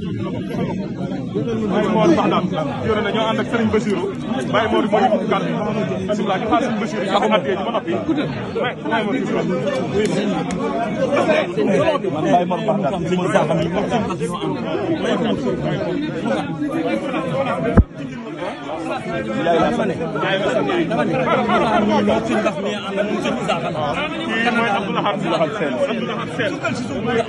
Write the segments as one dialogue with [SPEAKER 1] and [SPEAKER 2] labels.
[SPEAKER 1] Baye Mor Fada yore na ñoo
[SPEAKER 2] ànd ak Serigne Bassirou Baye Mor mooy yëngu kàddu yi bisimilah ñu xaar Serigne Bassirou ñu àggee ci ba noppi. man Baye Mor Fada li ma saa xam ne moom yaay la fa ne yaay la fa ne dama ne ci ndax mi ànd ak Serigne Sakhan kii mooy Abdou Lahad Sène Abdou Lahad Sène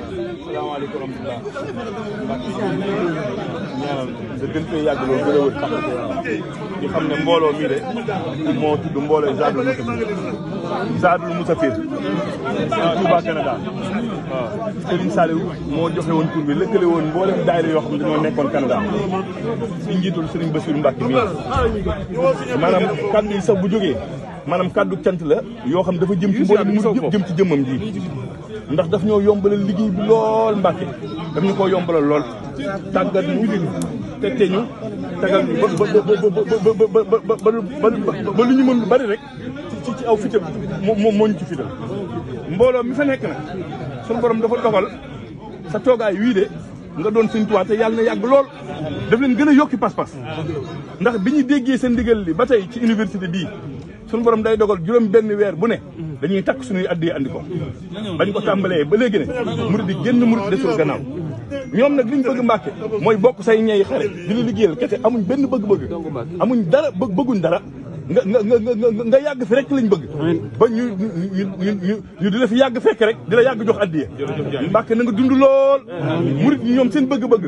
[SPEAKER 2] salaamaaleykum wa rahmatulah. ñaanal gën fee yàgg loolu gën a wër tax xam ne mbooloo mii de moo tudd mbooloo Zadul Mousafir Zadul Mousafir Touba Canada waaw Serigne Saliou moo joxe woon tur bi lëkkale woon mboolem daayira yoo xam ne dañoo nekkoon Canada ci njiitul Serigne Bassirou Mbacke mii maanaam kàddu yi sax bu jógee maanaam kàddu cant la yoo xam dafa jëm ci mboolem mu jëm ci jëmmam ndax daf ñoo yombalal liggéey bi lool Mbàkke daf ñu koo yombalal lool tàggat ñu tette ñu tagal ñu ba ba ba ba lu ñu mën lu bari rek ci ci aw fitam moo moo ñu ci fital mbooloo mi fa nekk nag suñu borom dafa dogal sa toogaay wii de nga doon suñ te yàlla na yàgg lool daf leen gën a yokki pas-pas ndax bi ñu déggee seen ndigal li ba tey ci université bii suñu borom day dogal juroom benn weer bu ne dañuy tak suñu addee andi ko bañ ko tambalé ba légui ne murid di génn murid desul gannaaw ñom nak liñ bëgg mbacké moy bokk say ñey xalé di li liggéeyal kété amuñ benn bëgg-bëgg amuñ dara bëgg bëggun dara nga nga nga nga yàgg fi rek lañ bëgg ba ñu ñu ñu di la fi yàgg fekk rek dila la yàgg jox addiya mbacké na nga dund lool murid ñom seen bëgg-bëgg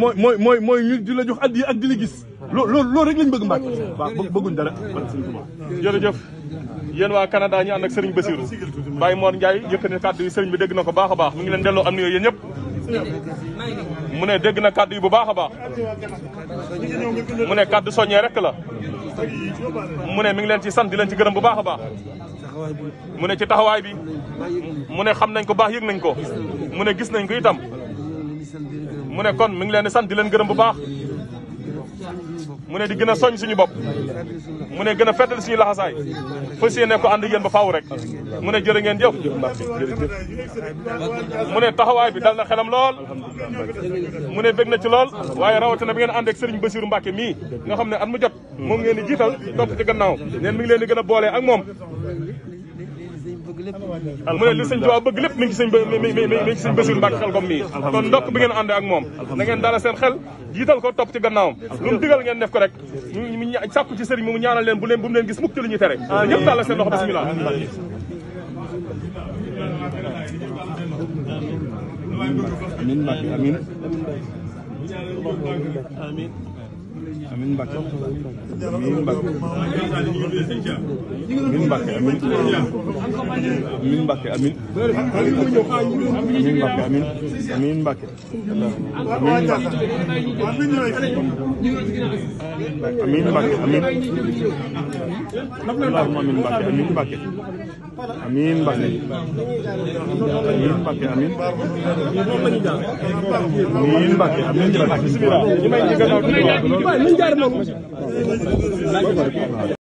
[SPEAKER 2] moy moy moy ñu di la jox addiya ak di la gis loo loolu loolu rek bëgg Mbacke waaw bëgguñ dara man sëñ jërëjëf yéen waa Canada ñu ànd ak Serigne Bassirou Baye Mor Ndiaye yëkkati kàddu yi Serigne bi dégg na ko baax a baax mu ngi leen delloo mu ne dégg na kàddu yi bu baax a baax mu ne kàddu soññee rek la mu ne mi ngi leen ci sant di leen ci gërëm bu baax a baax mu ne ci taxawaay bi mu ne xam nañ ko baax yëg nañ ko mu ne gis nañ ko itam mu ne kon mu ngi leen di sant di leen gërëm bu baax mu ne di gën a soñ suñu bopp mu ne gën a fettal suñu laxasaay fas yéene ko ànd yéen ba faaw rek mu ne jërë ngeen jëf mu ne taxawaay bi dal na xelam lool mu ne bég na ci lool waaye rawatina bi ngeen ànd ak sëriñ Basiru Mbàkke mii nga xam ne at mu jot moom ngeen di jiital topp ci gannaaw neen mi ngi leen di gën a boolee ak moom mu ne li sëñ Tuubaa bëgg lépp mi ngi ci sëñ mi ngi ci sëñ Basiru Mbàkke mii kon ndokk bi ngeen ànd ak moom na ngeen dala seen xel jiital ko topp ci gannaawam lu mu digal ngeen def ko rek sàkku ci sëriñ bi mu ñaanal leen bu leen gis mukk ci lu ñuy tere ñëpp dala seen loxo bismillah amin amin amiin Mbacke amiin Mbacke amiin Mbacke amiin amiin Mbacke amiin amiin Mbacke amiin amiin Mbacke amiin Mbacke amiin Mbacke amiin Mbacke amiin Mbacke amiin waaye nañ jaar noonu